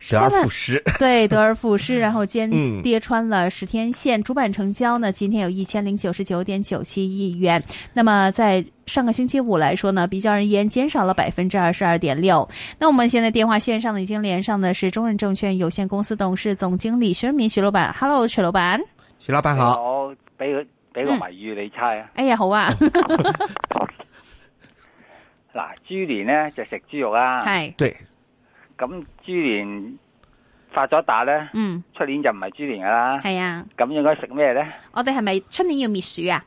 失而復失，對，得而復失，然後間跌穿了十天線。 嗯、主板成交呢，今天有一千零九十九點九七億元。那麼在上個星期五來說呢，比較而言減少了百分之二十二點六。那我們現在電話線上呢，已經連上的是中潤證券有限公司董事總經理徐潤民徐老闆。Hello，徐老闆。徐老闆好。好俾個俾個謎語你猜啊。哎呀，好啊。嗱， 豬年呢就食豬肉啊。係 Hi。對。咁豬年發咗達咧，嗯，出年就唔係豬年噶啦，係啊，咁應該食咩咧？我哋係咪出年要滅鼠啊？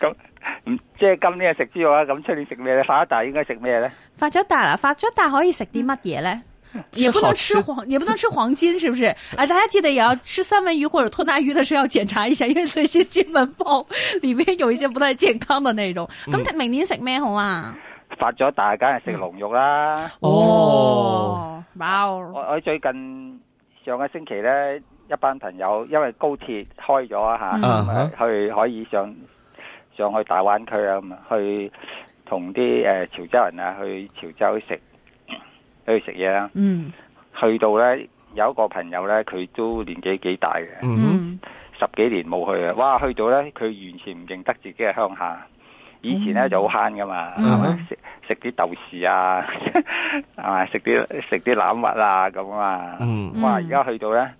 咁， 即、就、係、是、今年係食豬肉啊，咁出年食咩咧？發咗達應該食咩咧？發咗達啦發咗達可以食啲乜嘢咧？嗯、也不能吃黃，吃吃也不能吃黃金，是不是？啊，大家記得也要吃三文魚或者吞拿魚的時候要檢查一下，因為這些新聞報裏面有一些不太健康的內容。咁、嗯、明年食咩好啊？發咗大梗係食龍肉啦！哦，哇！我我最近上個星期咧，一班朋友因為高鐵開咗啊吓，uh huh. 咁啊去可以上上去大灣區啊，咁啊去同啲誒潮州人啊去潮州食去食嘢啦。嗯，mm. 去到咧有一個朋友咧，佢都年紀幾大嘅，mm. 十幾年冇去啊！哇，去到咧佢完全唔認得自己嘅鄉下。以前咧就好慳噶嘛，mm hmm. mm hmm. 食食啲豆豉啊，係嘛，食啲食啲欖核啊咁啊，嘛 mm hmm. 哇！而家去到咧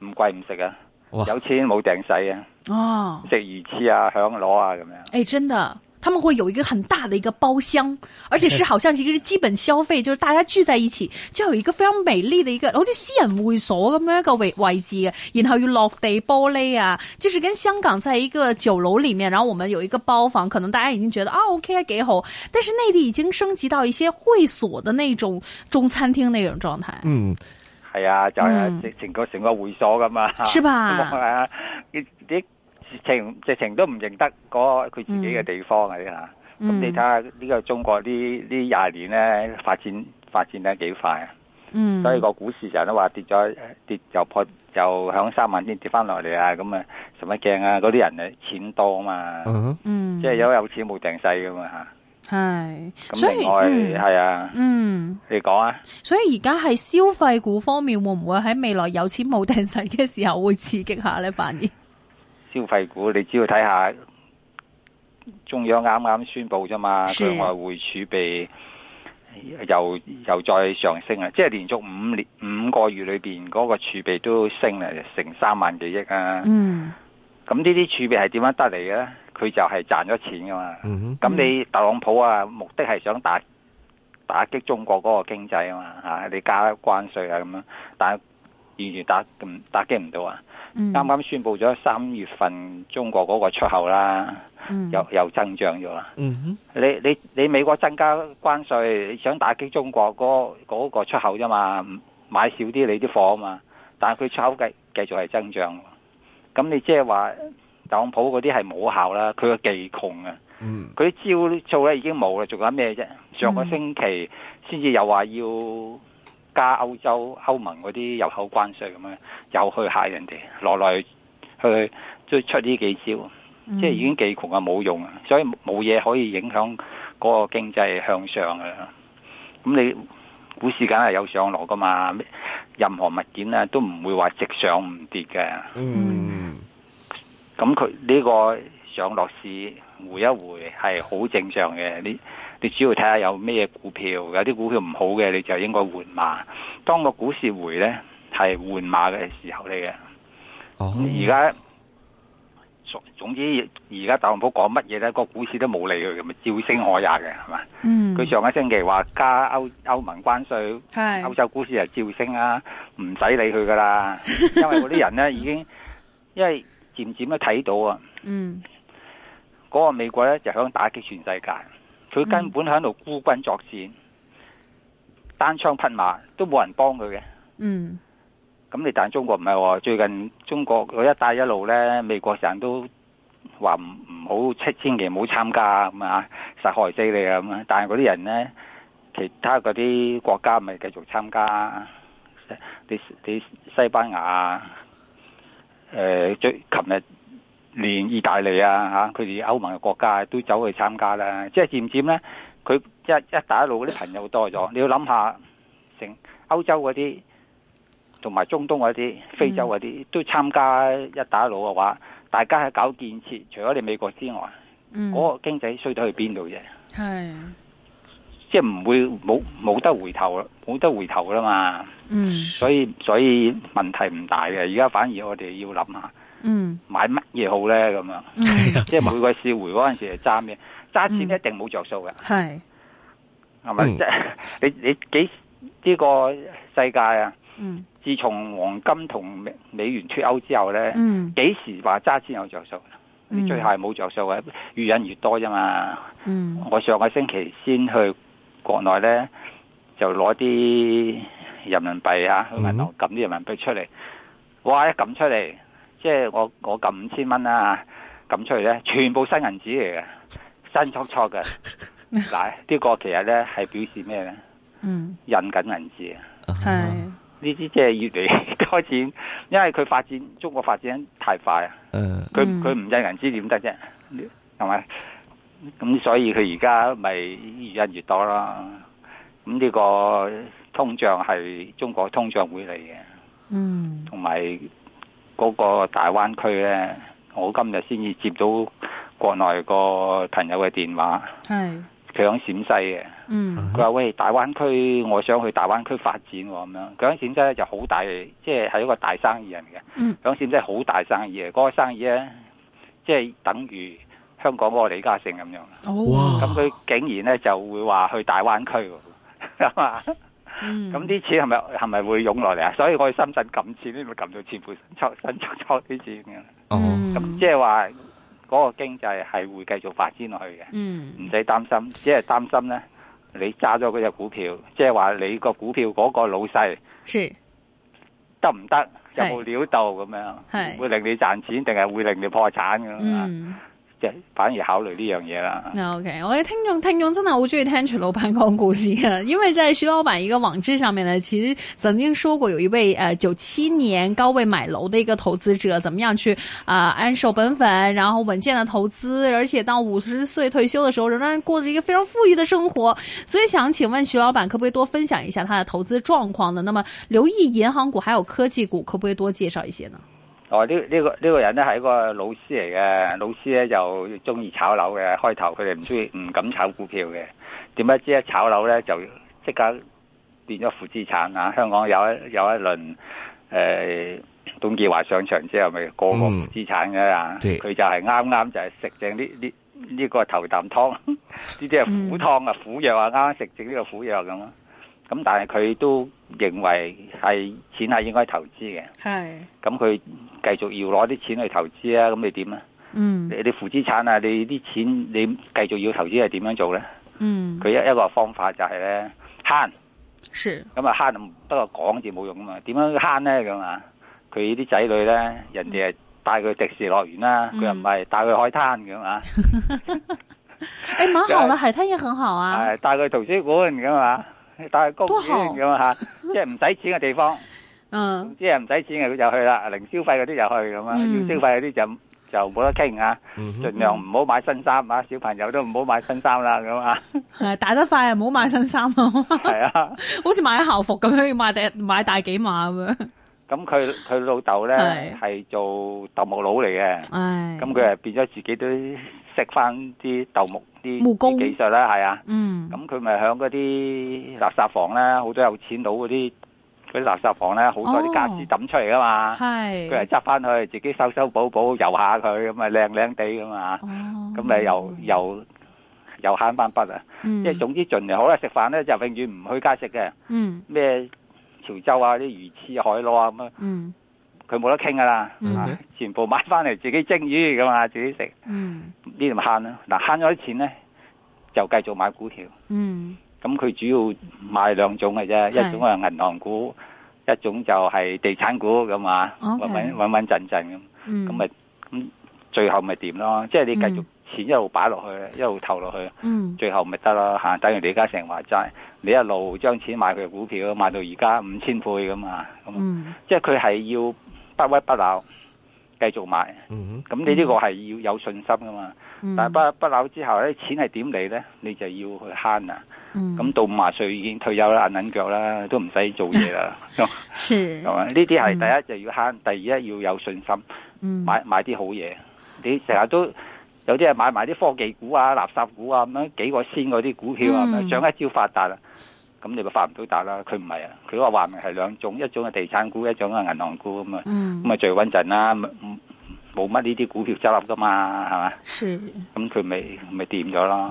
唔貴唔食啊，哇有錢冇定使啊，哦、食魚翅啊、響螺啊咁樣。誒、欸，真的。他們會有一個很大的一個包廂，而且是好像是一個基本消費，就是大家聚在一起就有一個非常美麗的一個。好像私人會所咁樣一個位位置，然後又落地玻璃啊，就是跟香港在一個酒樓裏面，然後我們有一個包房，可能大家已經覺得啊 OK，幾好。但是內地已經升級到一些會所的那種中餐廳那種狀態。嗯，係啊，就係成個成個會所咁嘛，是吧？啊，你你。直情直情都唔認得嗰佢自己嘅地方嘅啫吓，咁、嗯嗯、你睇下呢個中國呢呢廿年咧發展發展得幾快啊，嗯、所以個股市成日都話跌咗跌又破又響三萬先跌翻落嚟啊，咁啊使乜驚啊，嗰啲人啊錢多啊嘛，嗯，即係有有錢冇定勢噶嘛吓，係咁是另外係以啊，嗯，你講啊，所以而家係消費股方面會唔會喺未來有錢冇定勢嘅時候會刺激一下咧？反而。 消費股，你只要睇下中央啱啱宣布啫嘛，對外匯儲備又又再上升啊！即係連續五年五個月裏邊嗰、那個儲備都升啊，成三萬幾億啊！嗯，咁呢啲儲備係點樣得嚟嘅咧？佢就係賺咗錢㗎嘛。咁、嗯、哼你特朗普啊，目的係想打打擊中國嗰個經濟啊嘛，吓、啊、你加關稅啊咁樣，但係完全打打擊唔到啊！啱啱宣布咗三月份中國嗰個出口啦，嗯、又又增長咗啦、嗯哼。你你你美國增加關稅，你想打擊中國嗰個出口啫嘛，買少啲你啲貨啊嘛。但係佢出口繼繼續係增長，咁你即係話特朗普嗰啲係冇效啦，佢嘅技窮啊。佢招數咧已經冇啦，做緊咩啫？上個星期先至又話要。加歐洲歐盟嗰啲入口關稅，咁樣，又去嚇人哋，來來去去，都再出呢幾招，即係已經技窮啊，冇用啊，所以冇嘢可以影響嗰個經濟向上啊。咁你股市梗係有上落噶嘛？任何物件咧都唔會話直上唔跌嘅。嗯，咁佢呢個上落市回一回係好正常嘅呢。你主要睇下有咩股票，有啲股票唔好嘅你就應該換馬。當個股市回呢，係換馬嘅時候嚟嘅。而家、oh. 總，總之而家特朗普講乜嘢呢？個股市都冇理佢，咪照升我呀嘅係嘛？佢、mm. 上個星期話加歐歐盟關稅，係歐 Yes. 洲股市又照升啊，唔使理佢噶啦。 因為嗰啲人呢已經，因為漸漸都睇到啊。嗯，嗰個美國呢就響打擊全世界。佢根本喺度孤軍作戰，單槍匹馬都冇人幫佢嘅。嗯，咁你但係中國唔係喎，最近中國個一帶一路咧，美國成日都話唔唔好，千祈唔好參加啊咁啊，實害死你啊咁啊！但係嗰啲人咧，其他嗰啲國家咪繼續參加？你你西班牙啊？誒、呃，最琴日。連意大利啊嚇，佢哋歐盟嘅國家、啊、都走去參加啦，即係漸漸咧，佢一，一帶一路嗰啲朋友多咗，你要諗下，成歐洲嗰啲同埋中東嗰啲、非洲嗰啲、嗯、都參加一帶一路嘅話，大家係搞建設，除咗你美國之外，嗰、嗯、個經濟衰到去邊度啫？係是的，即係唔會冇冇得回頭，冇得回頭啦嘛。嗯，所以所以問題唔大嘅，而家反而我哋要諗下。嗯，買乜嘢好咧？咁樣，嗯、即係每個收回嗰陣時，係揸咩？揸錢一定冇着數嘅，係係咪？即係、嗯、 你你幾呢、這個世界啊？嗯、自從黃金同美元脫歐之後咧，幾、嗯、時話揸錢有着數？嗯、你最係冇着數嘅，越引越多啫嘛。嗯、我上個星期先去國內咧，就攞啲人民幣啊，去銀行撳啲人民幣、啊嗯、哼出嚟，哇！一撳出嚟。即係我我撳五千蚊啦，撳出去咧，全部新銀紙嚟嘅，新簇簇嘅。嗱，呢個其實咧係表示咩咧？嗯，印緊銀紙啊。係呢啲即係越嚟開始，因為佢發展中國發展太快啊。不怎麼嗯。佢佢唔印銀紙點得啫？係咪？咁所以佢而家咪越印越多啦。咁呢個通脹係中國通脹會嚟嘅。嗯。同埋。嗰個大灣區咧，我今日先至接到國內個朋友嘅電話，係佢喺陝西嘅，佢話、嗯：喂，大灣區，我想去大灣區發展喎，咁樣。佢喺陝西咧就好、係、大，即係係一個大生意人嘅。佢喺陝西好大生意嘅，嗰、嗰個生意咧即係等於香港嗰個李嘉誠咁樣。哇！咁佢竟然咧就會話去大灣區，係嘛？咁啲、嗯、錢係咪係咪會湧落嚟啊？所以我去深圳撳錢，呢咪撳到千倍出，新出啲錢嘅。哦、嗯，咁即係話嗰個經濟係會繼續發展落去嘅。嗯，唔使擔心，只係擔心咧，你揸咗嗰隻股票，即係話你個股票嗰個老細是得唔得，有冇料到咁樣，是會令你賺錢定係會令你破產咁啊？嗯反而考慮呢樣嘢啦。OK，我嘅聽眾聽眾真係好中意聽徐老闆講故事。因為在徐老闆一個網誌上面呢，其實曾經說過有一位呃九七年高位買樓的一個投資者，怎麼樣去啊、呃、安守本分，然後穩健的投資，而且到五十歲退休的時候仍然過着一個非常富裕的生活。所以想請問徐老闆可不可以多分享一下他的投資狀況呢？那麼留意銀行股還有科技股，可不可以多介紹一些呢？呢呢、哦這個呢、這個人咧係一個老師嚟嘅，老師咧就中意炒樓嘅。開頭佢哋唔中意，唔敢炒股票嘅。點解知一炒樓咧就即刻變咗負資產啊！香港有一有一輪誒、呃、董建華上場之後，咪個個負資產嘅啊，佢、嗯、就係啱啱就係食正呢呢呢個頭啖湯，呢啲係苦湯啊，苦藥啊，啱啱食正呢個苦藥咁啊！咁但係佢都認為係錢係應該投資嘅，係咁佢繼續要攞啲錢去投資啊！咁你點啊？嗯，你你負資產啊，你啲錢你繼續要投資係點樣做咧？嗯，佢一一個方法就係咧慳，是咁啊慳，不過講字冇用啊嘛！點樣慳咧咁啊？佢啲仔女咧，人哋係帶佢迪士尼樂園啦，佢又唔係帶佢海灘嘅嘛？哎，蠻好啦，海灘也很好啊！係帶佢去圖書館咁啊！帶去公園咁啊吓，即係唔使錢嘅地方。嗯，即係啊唔使錢嘅佢就去啦，零消費嗰啲就去咁啊，要消費嗰啲就就冇得傾啊，盡量唔好買新衫啊，小朋友都唔好買新衫啦咁啊。係大得快啊，唔好買新衫啊。係啊，好似買校服咁樣，買大買大幾碼咁樣。咁佢佢老豆咧係做鬥木佬嚟嘅，咁佢啊變咗自己都識翻啲鬥木。啲技術啦，係啊，咁佢咪響嗰啲垃圾房咧，好多有錢佬嗰啲啲垃圾房咧，好多啲家私抌出嚟啊嘛，佢係執翻去，自己修修補補，油下佢，咁啊靚靚地噶嘛，咁咪、哦嗯、又又又慳翻筆啊，即係、嗯、總之盡，盡量好啦，食飯咧就永遠唔去街食嘅，咩、嗯、潮州啊啲魚翅海螺啊咁啊。佢冇得傾噶啦，全部買翻嚟自己蒸魚咁啊，自己食。Mm. 啊、呢度慳啦，嗱慳咗啲錢咧，就繼續買股票。咁佢、mm. 嗯、主要買兩種嘅啫，是一種係銀行股，一種就係地產股咁啊，Okay. 穩穩穩穩陣陣咁。咁咪咁最後咪點咯？即係你繼續錢一路擺落去，一路投落去，mm. 最後咪得咯嚇。等於你李嘉誠還債，你一路將錢買佢股票，買到而家五千倍咁啊！Mm. 即係佢係要。不屈不撓，繼續買。咁你呢個係要有信心噶嘛。嗯、但係不屈不撓之後咧，錢係點嚟咧？你就要去慳啊。咁、嗯、到五十歲已經退休啦，撚腳啦，都唔使做嘢啦。係嘛 是？呢啲係第一就要慳，嗯、第二咧要有信心，嗯、買買啲好嘢。你成日都有啲係買埋啲科技股啊、垃圾股啊咁幾個仙嗰啲股票啊，咪、嗯、上一招發達啦。咁、嗯、你咪發唔到達啦，佢唔係啊，佢話話明係兩種，一種係地產股，一種係銀行股咁啊，咁咪、嗯、最穩陣啦，冇乜呢啲股票執笠噶嘛，係嘛？係、咁佢咪咪掂咗咯。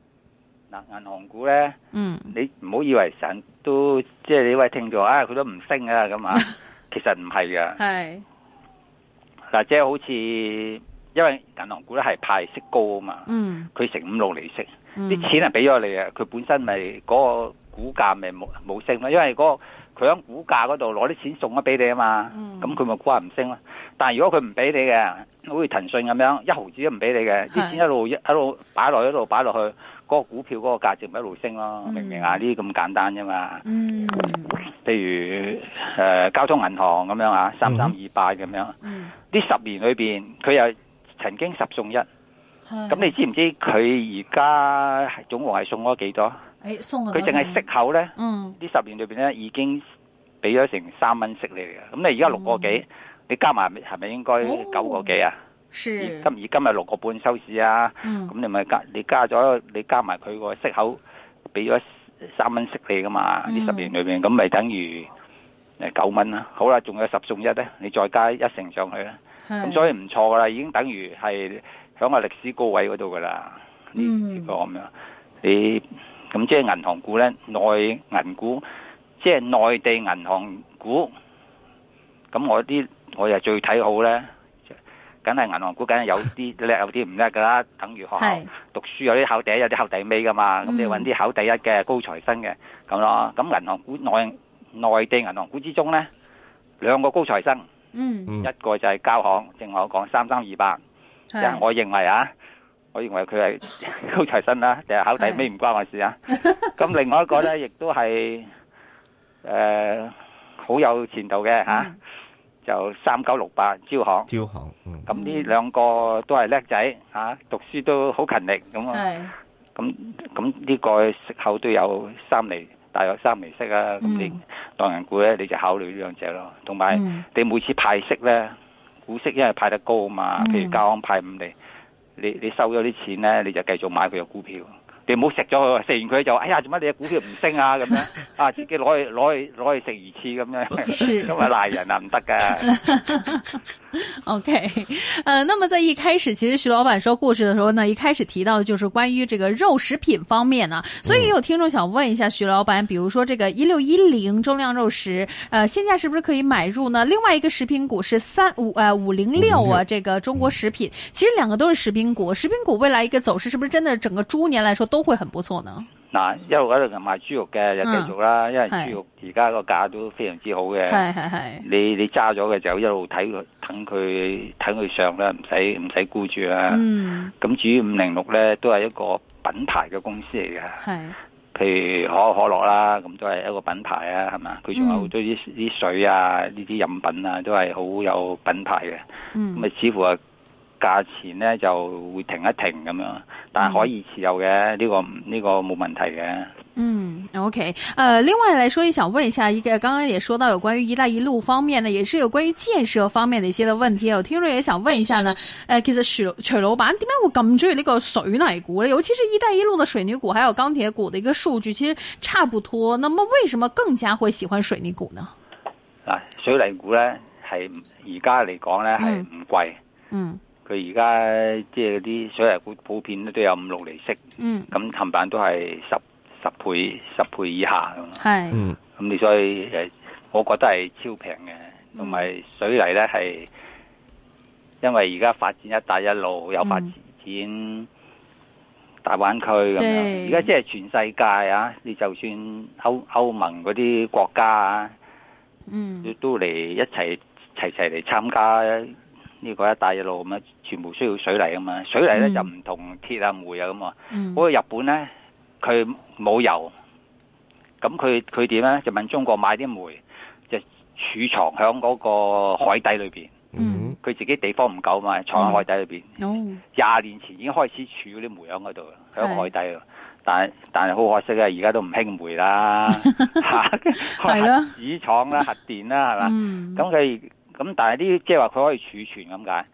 嗱，銀行股咧，嗯、你唔好以為成日都即係、就是、你位聽咗啊，佢、哎、都唔升啊咁啊， 其實唔係噶。係嗱是，即係好似因為銀行股咧係派息高啊嘛，佢成、嗯、五六厘息，啲、嗯、錢係俾咗你啊，佢本身咪、就、嗰、是那個股價咪冇冇升咯，因為嗰、那個佢喺股價嗰度攞啲錢送咗俾你啊嘛，咁佢咪股價唔升咯。但如果佢唔俾你嘅，好似騰訊咁樣一毫子都唔俾你嘅，啲是錢一路一路擺落，一路擺落去，嗰、嗰個股票嗰個價值咪一路升咯。明唔明啊？呢啲咁簡單啫嘛。嗯，譬如誒、呃、交通銀行咁樣啊，三三二八咁樣，呢、嗯嗯、十年裏邊，佢又曾經十送一，咁是你知唔知佢而家總共係送咗幾多？佢淨係息口咧，呢、嗯、十年裏面咧，已經俾咗成三蚊息你嚟嘅，咁你而家六個幾，嗯、你加埋係咪應該九個幾啊？是今而今日六個半收市啊，咁、嗯、你咪加你加咗你加埋佢個息口俾咗三蚊息你噶嘛？呢、嗯、十年裏面咁咪等於九蚊啦。好啦，仲有十送一咧，你再加一成上去啦。咁是所以唔錯噶啦，已經等於係喺個歷史高位嗰度噶啦。呢個咁樣你。嗯咁即係銀行股咧，內銀股，即係內地銀行股。咁我啲我又最睇好咧，梗係銀行股，梗係有啲叻，有啲唔叻噶啦。等於學校讀書有啲考第一，有啲考第尾噶嘛。咁你揾啲考第一嘅高材生嘅咁咯。咁銀行股內內地銀行股之中咧，兩個高材生，嗯，一個就係交行，正我講三三二八，就係我認為啊。我認為佢係高材生啦，定係考第咩唔關我事啊！咁另外一個咧，亦都係誒好有前途嘅，吓，就三九六八招行、招行，咁呢兩個都係叻仔吓，讀書都好勤力咁啊！咁咁呢個息口都有三厘，大約三厘息啊！咁你銀行股咧，你就考慮呢兩隻咯，同埋你每次派息咧，股息因為派得高嘛，譬如交行派五厘。你你收咗啲錢咧，你就繼續買佢嘅股票。你唔好食咗佢，食完佢就哎呀做乜你嘅股票唔升啊？咁樣啊自己攞去攞去攞去食魚翅咁樣，咁啊，賴人啊，唔得㗎。OK，呃，那麼在一開始，其實徐老闆說故事的時候呢，呢，一開始提到就是關於這個肉食品方面呢，所以也有聽眾想問一下徐老闆，比如說這個一六一零中糧肉食，呃，現價是不是可以買入呢？另外一個食品股是三五呃五零六啊，這個中國食品，其實兩個都是食品股，食品股未來一個走勢是不是真的整個豬年來說？都會很不錯呢。嗱、啊，一路喺度賣豬肉嘅，就繼續啦，嗯、因為豬肉而家個價都非常之好嘅。係係係。你你揸咗嘅就一路睇佢等佢睇佢上，不用不用啦，唔使唔使顧住啦。咁至於五零六呢，都係一個品牌嘅公司嚟嘅。係、嗯。譬如可口可樂啦，咁都係一個品牌啊，係嘛。佢仲有好多啲啲水啊，呢啲飲品啊，都係好有品牌嘅。咁啊、嗯，似乎啊，價錢呢就會停一停咁樣。但可以持有嘅，呢、嗯這個呢、這個冇問題嘅。嗯，OK，呃，另外來說，也想問一下，一個剛剛也說到有關於一帶一路方面呢，也是有關於建設方面的一些的問題，有聽眾也想問一下呢，誒、呃，其實徐徐老闆點解會咁中意呢個水泥股呢？尤其是一帶一路的水泥股，還有鋼鐵股的一個數據其實差不多。那麼為什麼更加會喜歡水泥股呢？啊，水泥股咧係而家嚟講咧係唔貴。嗯。嗯。佢而家即係嗰啲水泥股普遍咧都有五六厘息，咁冚板都係十十倍十倍以下咁。嗯是，咁你所以誒，我覺得係超平嘅，同埋、嗯、水泥咧係因為而家發展一帶一路有發展大灣區咁樣，而家即係全世界啊！你就算歐歐盟嗰啲國家啊，嗯，都嚟一齊齊齊嚟參加。呢個一帶一路咁樣，全部需要水泥啊嘛，水泥咧、嗯、就唔同鐵啊、煤啊咁啊。嗰個、嗯、日本咧，佢冇油，咁佢佢點咧？就問中國買啲煤，就儲藏喺嗰個海底裏邊。佢、嗯、自己地方唔夠嘛，藏喺海底裏邊。廿、嗯、年前已經開始儲啲煤喺嗰度，喺海底。是的 但係但係好可惜啊，而家都唔興煤啦。係啦， 紙廠啦、核電啦，係嘛？咁佢。咁、嗯、但係呢啲即係話佢可以儲存咁解，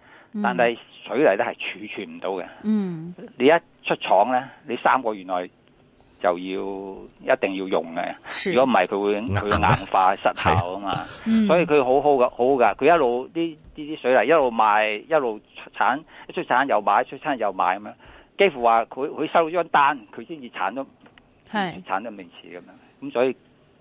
但係水泥咧係儲存唔到嘅。嗯，你一出廠咧，你三個原來就要一定要用嘅。如果唔係佢會佢硬化失效啊嘛。 是所以佢好好噶，好噶。佢一路啲呢啲水泥一路賣，一路出產，一出產又買，一出產又買咁樣。幾乎話佢佢收到張單，佢先至產咗，係產都名次咁樣。咁是、嗯、所以。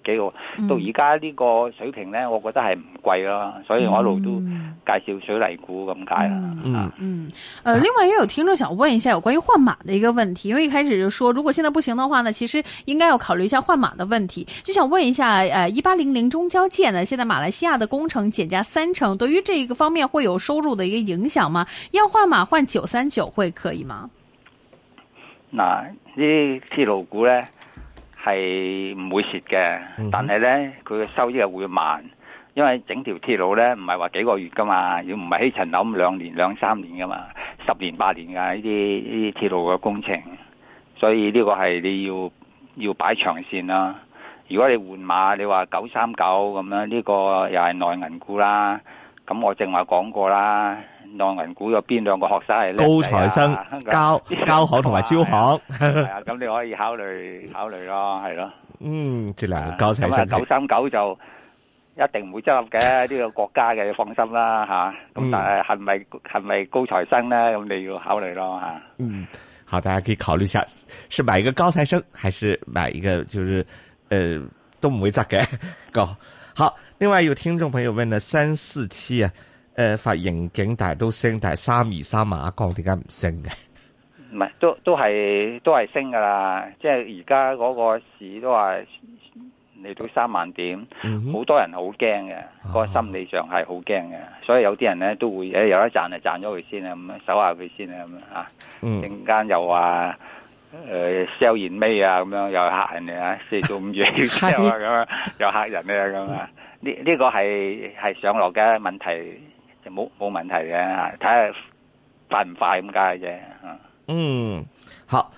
幾個到而家呢個水平呢，我覺得係唔貴啦，嗯、所以我一路都介紹水泥股咁解啦。嗯，、啊嗯呃、另外也有聽眾想問一下有關於換馬的一個問題，因為一開始就說如果現在不行的話呢，其實應該要考慮一下換馬的問題。就想問一下，呃，一八零零中交建呢？現在馬來西亞的工程減價三成，對於這個方面會有收入的一個影響嗎？要換馬換九三九會可以嗎？嗱，呢鐵路股呢？係唔會蝕嘅，但係呢，佢嘅收益係會慢，因為整條鐵路呢，唔係話幾個月噶嘛，又唔係起層樓咁兩年兩三年噶嘛，十年八年噶呢啲呢啲鐵路嘅工程，所以呢個係你要要擺長線啦。如果你換馬，你話九三九咁樣，呢、呢個又係內銀股啦，咁我正話講過啦。內銀股有邊兩個學生係高材生？交行同埋招行，係啊，咁你可以考慮考慮咯，係咯。嗯，即兩個，高材生九三九就一定唔會執笠嘅，呢個 國家嘅，放心啦吓。咁、啊、但係係咪係咪高材生咧？咁你要考慮咯吓。嗯，好，大家可以考慮一下，是買一個高材生，還是買一個就是，誒、呃，都唔會執嘅。高好，另外有聽眾朋友問呢三四七啊。誒，發盈警，但係都升，但係三二三萬一降，點解唔升嘅？唔係，都都係都係升噶啦。即係而家嗰個市都話嚟到三萬點，好多人好驚嘅，個心理上係好驚嘅。所以有啲人咧都會誒，有得賺啊，賺咗佢先啊，咁守下佢先啊，咁啊，陣間又話誒 sell in May 啊，咁樣又嚇人哋啊，四到五月，又嚇人啊，咁啊，呢呢個係係上落嘅問題。冇冇問題嘅，睇下快唔快咁解啫。嗯，好。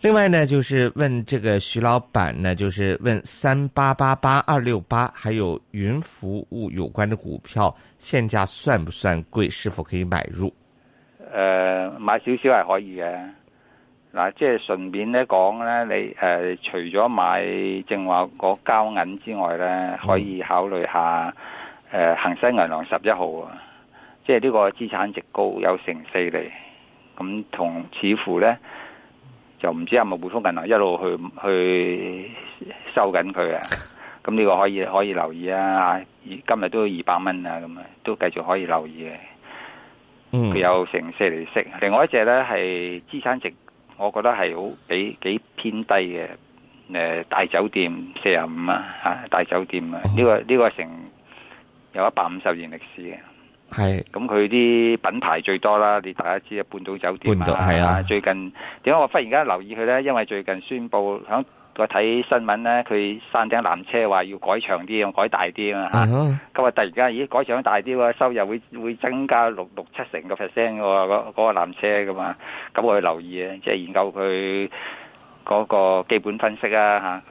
另外呢，就是問這個徐老闆呢，就是問三八八八、二六八，還有雲服務有關的股票，現價算不算貴？是否可以買入？誒、呃，買少少係可以嘅。嗱，即係順便咧講咧，你誒、呃、除咗買正話嗰交銀之外咧，可以考慮下。嗯誒恒生銀行十一號啊，即係呢個資產值高有成四厘。咁同似乎咧就唔知係咪匯豐銀行一路去去收緊佢啊。咁呢個可以可以留意啊！今日都二百蚊啊，咁啊都繼續可以留意嘅、啊。佢有成四厘息。另外一隻咧係資產值，我覺得係好幾幾偏低嘅。誒大酒店四十五啊，嚇大酒店啊，呢個呢個成。有一百五十年歷史嘅，係咁佢啲品牌最多啦。你大家知啊，半島酒店啊，最近點解我忽然間留意佢呢？因為最近宣布響我睇新聞呢，佢山頂纜車話要改長啲，改大啲啊嘛嚇。咁我、uh huh. 突然間，咦，改長大啲喎，收入會會增加六六七成個 percent 喎，嗰嗰個纜車噶嘛。咁我去留意啊，即係研究佢嗰個基本分析啊嚇。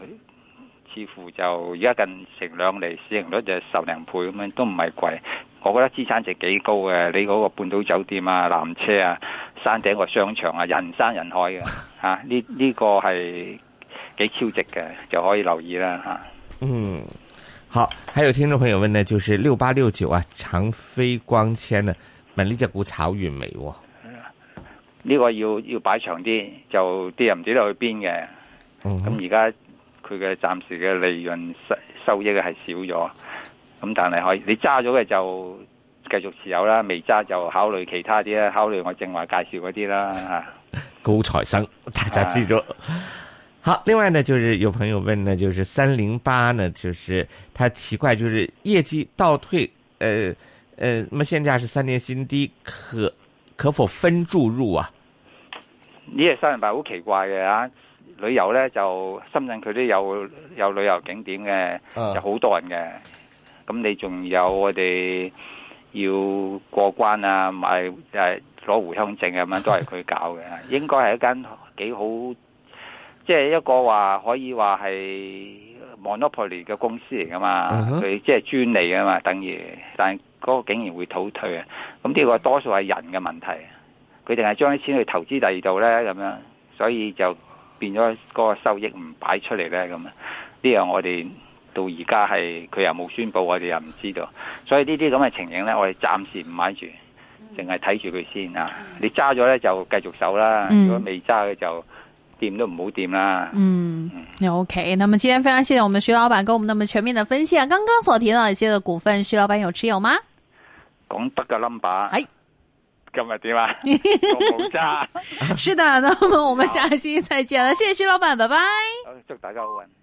似乎就而家近成兩年，市盈率就十零倍咁樣，都唔係貴。我覺得資產值幾高嘅，你嗰個半島酒店啊、纜車啊、山頂個商場啊，人山人海嘅嚇。呢呢、 啊這個係幾超值嘅，就可以留意啦嚇。啊、嗯，好，還有聽眾朋友問呢，就是六八六九啊，長飛光纖啊，問呢隻股炒完未喎？呢個要要擺長啲，就啲人唔知道去邊嘅。嗯哼，咁而家。佢嘅暫時嘅利潤收收益嘅係少咗，咁但係可以你揸咗嘅就繼續持有，持有的的啦，未揸就考慮其他啲啦，考慮我正話介紹嗰啲啦吓。高材生，大家記住。啊、好，另外呢，就是有朋友問呢，就是三零八呢，就是他奇怪，就是業績倒退，誒、呃、誒，咁、呃、現價是三年新低，可可否分注入啊？呢個三零八好奇怪嘅啊！旅遊咧就深圳佢都有有旅遊景點嘅，uh. 有好多人嘅。咁你仲有我哋要過關啊，買誒攞、啊、回康證咁樣都係佢搞嘅。 應該係一間幾好，即、就、係、是、一個話可以話係 monopoly 嘅公司嚟噶嘛，佢即係專利啊嘛，等於。但係嗰個竟然會倒退啊！咁呢個多數係人嘅問題，佢淨係將啲錢去投資第二度咧咁樣，所以就。變咗嗰個收益唔擺出嚟咧，咁啊呢樣我哋到而家係佢又冇宣布，我哋又唔知道，所以呢啲咁嘅情形咧，我哋暫時唔買住，淨係睇住佢先啊！你揸咗咧就繼續走啦，嗯、如果未揸嘅就掂都唔好掂啦。嗯，嗯，嗯，OK，那麼今天非常謝謝我們徐老闆給我們那麼全面的分析啊！剛剛所提到嘅一啲嘅股份，徐老闆有持有嗎？講得嘅 number，係。今日點啊？是的，那麼我們下期再見啦。 謝謝徐老闆， 拜拜。祝大家好運。